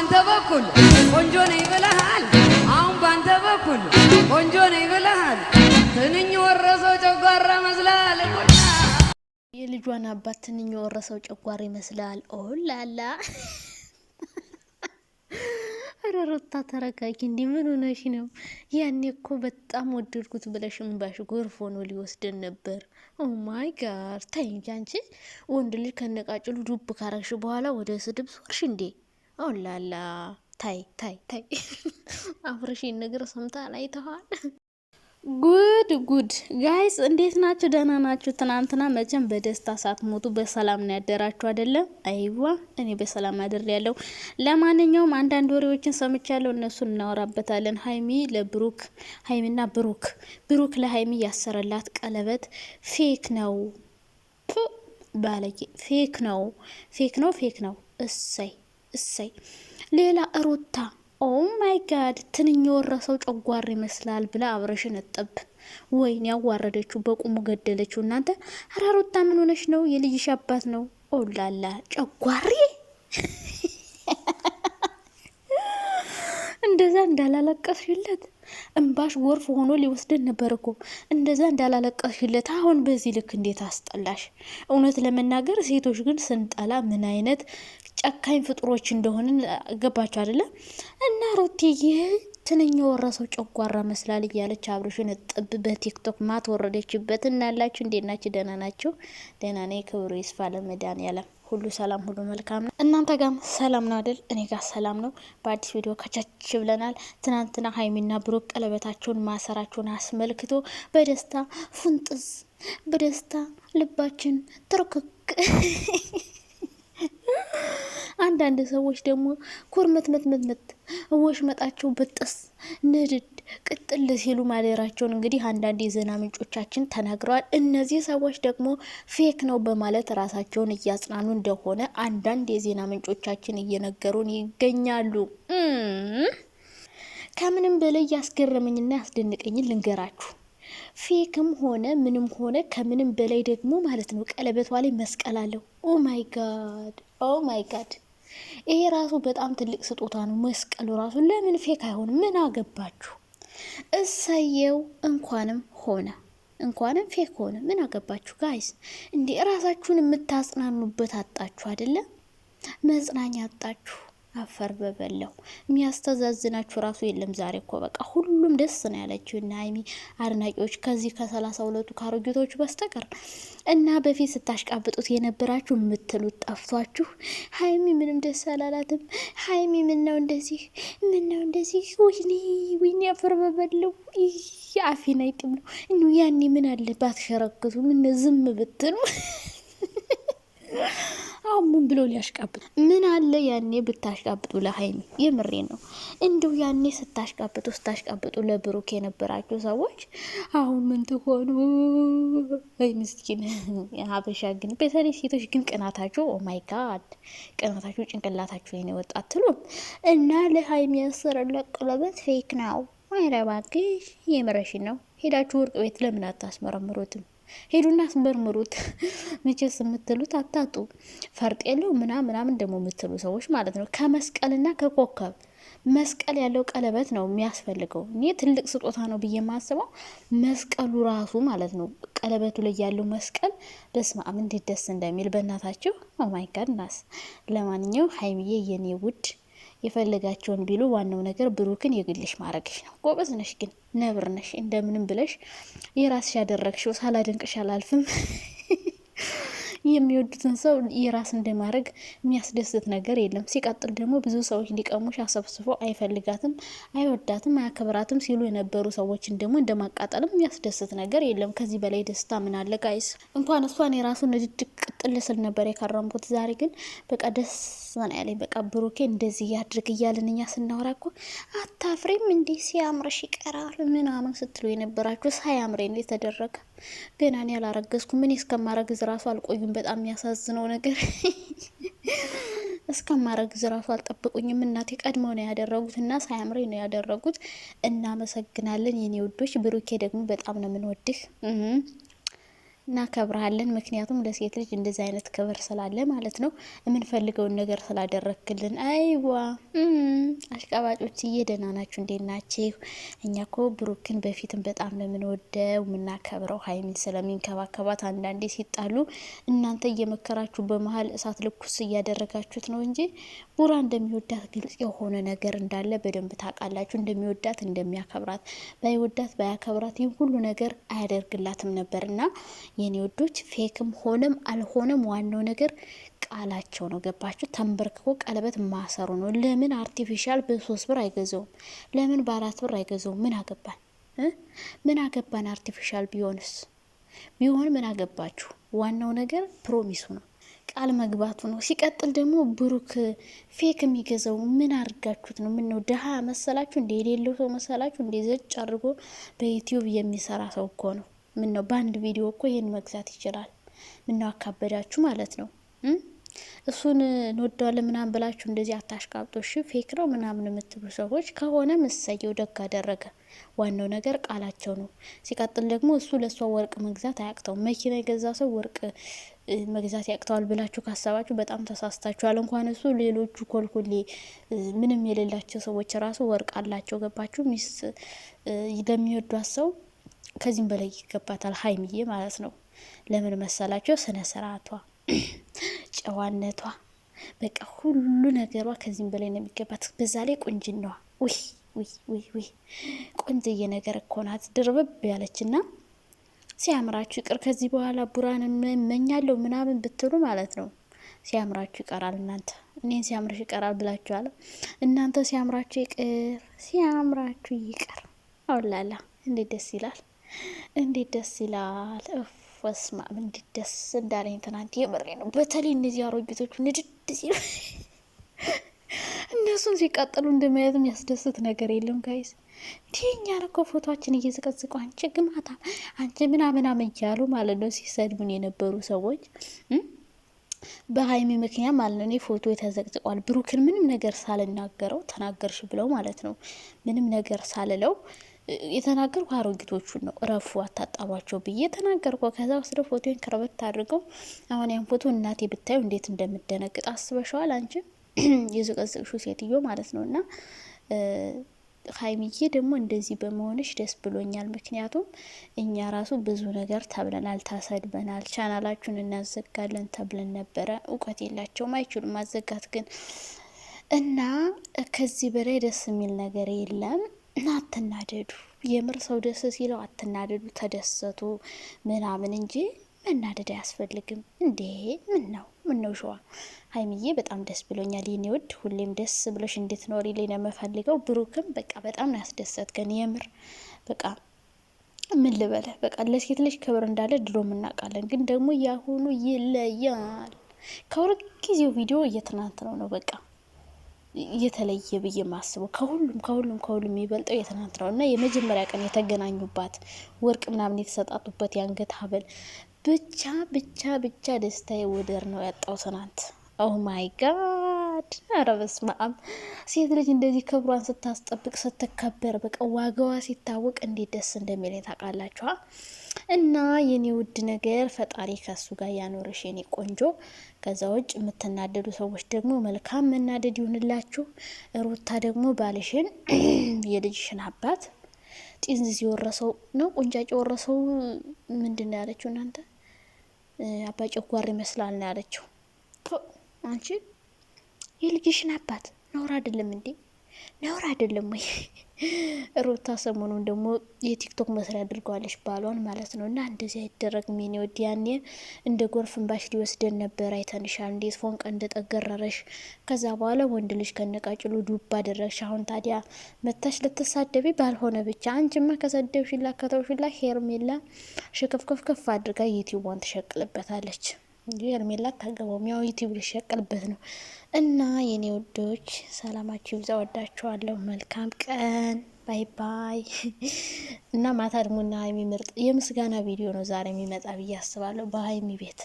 ባንተ በኩል ቆንጆ ነኝ ብለሃል። አሁን ባንተ በኩል ቆንጆ ነኝ ብለሃል። ትንኝ ወረሰው ጨጓራ መስላል። የልጇን አባት ትንኝ ወረሰው ጨጓራ ይመስላል። ኦላላ ረሮታ ተረጋጊ። እንዲ ምን ሆነሽ ነው? ያኔ እኮ በጣም ወደድኩት ብለሽ እምባሽ ጎርፍ ሆኖ ሊወስደን ነበር። ኦማይ ጋር ተይኝ። አንቺ ወንድ ልጅ ከነቃጭሉ ዱብ ካረግሽ በኋላ ወደ ስድብ ሶርሽ እንዴ? ኦላላ ታይ ታይ ታይ አፍርሽን ነገር ሰምታ ላይ ተዋል። ጉድ ጉድ ጋይስ እንዴት ናችሁ? ደህና ናችሁ? ትናንትና መቼም በደስታ ሳትሞቱ በሰላም ነው ያደራችሁ አይደለም? አይዋ እኔ በሰላም አድር ያለው። ለማንኛውም አንዳንድ ወሬዎችን ሰምቻለሁ፣ እነሱን እናወራበታለን። ሀይሚ ለብሩክ ሀይሚና ብሩክ ብሩክ ለሀይሚ ያሰረላት ቀለበት ፌክ ነው። ባለጌ ፌክ ነው፣ ፌክ ነው፣ ፌክ ነው። እሰይ እሰይ። ሌላ ሩታ ኦ ማይ ጋድ ትንኝ የወረሰው ጨጓር ይመስላል ብላ አብረሽን ነጠብ። ወይን ያዋረደችው በቁሙ ገደለችው። እናንተ ኧረ ሩታ ምን ሆነች ነው? የልጅሽ አባት ነው። ኦላላ ጨጓሪ እንደዛ እንዳላለቀስሽለት እምባሽ ጎርፍ ሆኖ ሊወስደን ነበር እኮ እንደዛ እንዳላለቀስሽለት። አሁን በዚህ ልክ እንዴት አስጠላሽ! እውነት ለመናገር ሴቶች ግን ስንጠላ ምን አይነት ጨካኝ ፍጡሮች እንደሆነ ገባቸው አይደለም። እና ሩቲ ይህ ትንኝ ወረሰው ጨጓራ መስላል እያለች አብርሽን ጥብ በቲክቶክ ማት ወረደችበት። እናላችሁ እንዴት ናችሁ? ደህና ናቸው? ደህና ነኝ። ክብሩ ይስፋ ለመድኃኒዓለም። ሁሉ ሰላም፣ ሁሉ መልካም ነው። እናንተ ጋር ሰላም ነው አይደል? እኔ ጋር ሰላም ነው። በአዲስ ቪዲዮ ከቻች ብለናል። ትናንትና ሀይሚና ብሩክ ቀለበታቸውን ማሰራቸውን አስመልክቶ በደስታ ፉንጥዝ በደስታ ልባችን ትርክክ አንዳንድ ሰዎች ደግሞ ኩርምት መት እወሽ መጣቸው ብጥስ ንድድ ቅጥል ሲሉ ማደራቸውን እንግዲህ አንዳንድ የዜና ምንጮቻችን ተናግረዋል። እነዚህ ሰዎች ደግሞ ፌክ ነው በማለት ራሳቸውን እያጽናኑ እንደሆነ አንዳንድ የዜና ምንጮቻችን እየነገሩን ይገኛሉ። ከምንም በላይ ያስገረመኝና ያስደንቀኝን ልንገራችሁ። ፌክም ሆነ ምንም ሆነ ከምንም በላይ ደግሞ ማለት ነው ቀለበቷ ላይ መስቀል አለው። ኦ ማይ ጋድ፣ ኦ ማይ ጋድ! ይሄ ራሱ በጣም ትልቅ ስጦታ ነው። መስቀሉ ራሱ ለምን ፌክ አይሆንም? ምን አገባችሁ? እሰየው፣ እንኳንም ሆነ እንኳንም ፌክ ሆነ። ምን አገባችሁ ጋይስ? እንዲህ ራሳችሁን የምታጽናኑበት አጣችሁ አይደለም? መጽናኛ አጣችሁ። አፈር በበለው የሚያስተዛዝናችሁ ራሱ የለም። ዛሬ እኮ በቃ ሁሉም ደስ ነው ያለችው እና ሀይሚ አድናቂዎች ከዚህ ከሰላሳ ሁለቱ ካሮጌቶቹ በስተቀር እና በፊት ስታሽቃብጡት የነበራችሁ የምትሉት ጠፍቷችሁ ሀይሚ ምንም ደስ አላላትም። ሀይሚ ምነው እንደዚህ ምነው እንደዚህ ወይኔ ወይኔ አፈር በበለው አፌን አይጥም ነው እኒ ያኔ ምን አለ ባትሸረክቱ ምን ዝም ብትሉ አሁን ምን ብሎ ሊያሽቃብጥ? ምን አለ ያኔ ብታሽቃብጡ ለሀይሚ የምሬ ነው። እንዲሁ ያኔ ስታሽቃብጡ ስታሽቃብጡ ለብሩክ የነበራቸው ሰዎች አሁን ምን ትሆኑ? ወይ ምስኪን ሀበሻ ግን በተለይ ሴቶች ግን ቅናታቸው ኦማይ ጋድ ቅናታችሁ ጭንቅላታችሁ ይን ወጣ አትሉም እና ለሀይሚ ያስር ለቅለበት ፌክ ነው አይረባግሽ የምረሽ ነው ሄዳችሁ ወርቅ ቤት ለምን አታስመረምሩትም? ሄዱና አስመርምሩት። መቼስ የምትሉት አታጡ። ፈርጥ የለው ምና ምናምን ደግሞ የምትሉ ሰዎች ማለት ነው። ከመስቀልና ከኮከብ መስቀል ያለው ቀለበት ነው የሚያስፈልገው። እኔ ትልቅ ስጦታ ነው ብዬ የማስበው መስቀሉ ራሱ ማለት ነው። ቀለበቱ ላይ ያለው መስቀል በስመ አብ እንዴት ደስ እንደሚል በእናታችሁ ኦማይ ጋድ ናስ። ለማንኛው ሀይሚዬ የኔ ውድ የፈለጋቸውን ቢሉ ዋናው ነገር ብሩክን የግልሽ ማድረግሽ ነው። ጎበዝ ነሽ፣ ግን ነብር ነሽ። እንደምንም ብለሽ የራስሽ ያደረግሽው ሳላደንቅሽ አላልፍም። የሚወዱትን ሰው የራስ እንደማድረግ የሚያስደስት ነገር የለም። ሲቀጥል ደግሞ ብዙ ሰዎች ሊቀሙሽ አሰብስፎ አይፈልጋትም፣ አይወዳትም፣ አያከብራትም ሲሉ የነበሩ ሰዎችን ደግሞ እንደማቃጠልም የሚያስደስት ነገር የለም። ከዚህ በላይ ደስታ ምን አለ ጋይስ? እንኳን እሷን የራሱ ንድድቅ ጥል ስል ነበር የከረምኩት። ዛሬ ግን በቃ ደስ ና ያለኝ። በቃ ብሩኬ እንደዚህ ያድርግ እያልን እኛ ስናወራ እኮ አታፍሬም እንዲህ ሲያምርሽ ይቀራል ምናምን ስትሉ የነበራችሁ ሳያምሬ ነው የተደረገ ገና እኔ ያላረገዝኩ ምን እስከማረግዝ ራሱ አልቆዩም። በጣም የሚያሳዝነው ነገር እስከማረግዝ ራሱ አልጠብቁኝም። እናቴ ቀድመው ነው ያደረጉት እና ሳያምሬ ነው ያደረጉት። እናመሰግናለን የኔ ውዶች። ብሩኬ ደግሞ በጣም ነው የምንወድህ እናከብረሃለን። ምክንያቱም ለሴት ልጅ እንደዚህ አይነት ክብር ስላለ ማለት ነው። የምንፈልገውን ነገር ስላደረክልን አይዋ አሽቃባጮች እየደህና ናችሁ? እንዴት ናችሁ? እኛ ኮ ብሩክን በፊትም በጣም ለምንወደው የምናከብረው፣ ሀይሚን ስለሚንከባከባት አንዳንዴ ሲጣሉ እናንተ እየመከራችሁ በመሀል እሳት ልኩስ እያደረጋችሁት ነው እንጂ ቡራ እንደሚወዳት ግልጽ የሆነ ነገር እንዳለ በደንብ ታውቃላችሁ። እንደሚወዳት እንደሚያከብራት ባይወዳት ባያከብራት ይህ ሁሉ ነገር አያደርግላትም ነበርና የኔ ውዶች፣ ፌክም ሆነም አልሆነም ዋናው ነገር ቃላቸው ነው። ገባችሁ? ተንበርክኮ ቀለበት ማሰሩ ነው። ለምን አርቲፊሻል በሶስት ብር አይገዘውም? ለምን በአራት ብር አይገዘውም? ምን አገባን? ምን አገባን? አርቲፊሻል ቢሆንስ ቢሆን ምን አገባችሁ? ዋናው ነገር ፕሮሚሱ ነው፣ ቃል መግባቱ ነው። ሲቀጥል ደግሞ ብሩክ ፌክ የሚገዛው ምን አድርጋችሁት ነው? ምነው ድሀ መሰላችሁ? እንደ የሌለው ሰው መሰላችሁ? እንደ ዘጭ አድርጎ በዩትዩብ የሚሰራ ሰው እኮ ነው። ምን ነው በአንድ ቪዲዮ እኮ ይሄን መግዛት ይችላል። ምን ነው አካበዳችሁ ማለት ነው። እሱን እንወደዋለን ምናምን ብላችሁ እንደዚህ አታሽቃብጦሽ። ፌክ ነው ምናምን የምትሉ ሰዎች ከሆነ ምሰየው ደግ አደረገ። ዋናው ነገር ቃላቸው ነው። ሲቀጥል ደግሞ እሱ ለእሷ ወርቅ መግዛት አያቅተውም። መኪና የገዛ ሰው ወርቅ መግዛት ያቅተዋል ብላችሁ ካሰባችሁ በጣም ተሳስታችኋል። እንኳን እሱ ሌሎቹ ኮልኮሌ ምንም የሌላቸው ሰዎች ራሱ ወርቅ አላቸው። ገባችሁ? ሚስት ለሚወዷት ሰው ከዚህም በላይ ይገባታል ሀይሚዬ ማለት ነው። ለምን መሰላቸው? ስነ ስርዓቷ፣ ጨዋነቷ፣ በቃ ሁሉ ነገሯ ከዚህም በላይ ነው የሚገባት። በዛ ላይ ቁንጅናዋ ውይ ውይ ውይ ውይ ቆንጆዬ ነገር እኮ ናት ድርብብ ያለችና ሲያምራችሁ ይቅር። ከዚህ በኋላ ቡራን መመኛለሁ ምናምን ብትሉ ማለት ነው ሲያምራችሁ ይቀራል። እናንተ እኔን ሲያምርሽ ይቀራል ብላችኋል። እናንተ ሲያምራችሁ ይቅር፣ ሲያምራችሁ ይቀር። አውላላ እንዴት ደስ ይላል! እንዴት ደስ ይላል። ወስማ እንዴት ደስ እንዳለኝ ትናንት፣ የምሬ ነው። በተለይ እነዚህ አሮጌቶቹ ንድድ ሲሉ እነሱን ሲቃጠሉ እንደማየት የሚያስደስት ነገር የለም ጋይስ። እንዲህኛ እኮ ፎቶችን እየዘቀዝቁ አንቺ ግማታ አንቺ ምናምናም እያሉ ማለት ነው ሲሰድቡን የነበሩ ሰዎች በሀይሚ ምክንያት ማለት ነው። እኔ ፎቶ የተዘቅዝቋል ብሩክን ምንም ነገር ሳልናገረው ተናገርሽ ብለው ማለት ነው ምንም ነገር ሳልለው የተናገርኩ አሮጊቶቹን ነው እረፉ አታጣሏቸው ብዬ ተናገርኩ። ከዛ ወስደ ፎቶን ከረበት አድርገው አሁን ያን ፎቶ እናቴ ብታዩ እንዴት እንደምደነግጥ አስበሸዋል። አንቺ የዘቀዘቅሹ ሴትዮ ማለት ነው እና ሀይሚዬ ደግሞ እንደዚህ በመሆንሽ ደስ ብሎኛል። ምክንያቱም እኛ ራሱ ብዙ ነገር ተብለናል፣ ታሰድበናል፣ ቻናላችሁን እናዘጋለን ተብለን ነበረ። እውቀት የላቸውም አይችሉም ማዘጋት ግን እና ከዚህ በላይ ደስ የሚል ነገር የለም። እና አትናደዱ። የምር ሰው ደስ ሲለው አትናደዱ፣ ተደሰቱ ምናምን እንጂ መናደድ አያስፈልግም። እንዴ ምን ነው ምን ነው ሸዋ ሀይሚዬ በጣም ደስ ብሎኛል የኔ ውድ፣ ሁሌም ደስ ብሎሽ እንድትኖሪ ሌላ የምፈልገው ብሩክም በቃ በጣም ነው ያስደሰትከን። የምር በቃ ምን ልበለ በቃ ለሴት ልጅ ክብር እንዳለ ድሮ እናውቃለን፣ ግን ደግሞ ያሁኑ ይለያል። ከሁለት ጊዜው ቪዲዮ እየትናንት ነው ነው በቃ የተለየ ብዬ ማስበው ከሁሉም ከሁሉም ከሁሉም የሚበልጠው የትናንት ነው እና የመጀመሪያ ቀን የተገናኙባት ወርቅ ምናምን የተሰጣጡበት የአንገት ሀብል ብቻ ብቻ ብቻ ደስታዬ ወደር ነው ያጣው ትናንት። ኦ ማይ ጋድ! ኧረ በስመ አብ! ሴት ልጅ እንደዚህ ክብሯን ስታስጠብቅ ስትከበር፣ በቃ ዋጋዋ ሲታወቅ እንዴት ደስ እንደሚል ታውቃላችኋ። እና የኔ ውድ ነገር ፈጣሪ ከሱ ጋር ያኖርሽ የኔ ቆንጆ ከዛ ውጭ የምትናደዱ ሰዎች ደግሞ መልካም መናደድ ይሁንላችሁ። ሩታ ደግሞ ባልሽን የልጅሽን አባት ጢንዝዝ የወረሰው ነው ቁንጫጭ የወረሰው ምንድን ነው ያለችው? እናንተ አባ ጨጓር ይመስላል ነው ያለችው። አንቺ የልጅሽን አባት ነውር አይደለም እንዴ? ነውር አይደለም ወይ? ሩታ ሰሞኑን ደግሞ የቲክቶክ መስሪያ አድርገዋለች ባሏን ማለት ነው። እና እንደዚህ አይደረግ የኔ ወድ። ያኔ እንደ ጎርፍ እንባሽ ሊወስደን ነበር። አይተንሻል እንዴት ፎንቀ እንደጠገረረሽ። ከዛ በኋላ ወንድ ልጅ ከነቃጭሉ ዱብ አደረግሽ። አሁን ታዲያ መታሽ ልትሳደቢ ባልሆነ ብቻ። አንቺማ ከሰደብሽላ ከተውሽላ ሄርሜላ ሽክፍክፍክፍ አድርጋ ዩቲዩቧን ትሸቅልበታለች። እንዲሁ ሄርሜላ አታገባውም። ያው ዩቲዩብ ሊሸቀልበት ነው። እና የኔ ውዶች ሰላማችሁ ይብዛ፣ ወዳችኋለሁ። መልካም ቀን። ባይ ባይ። እና ማታ ደግሞ ና የሚምርጥ የምስጋና ቪዲዮ ነው ዛሬ የሚመጣ ብዬ አስባለሁ በሀይሚ ቤት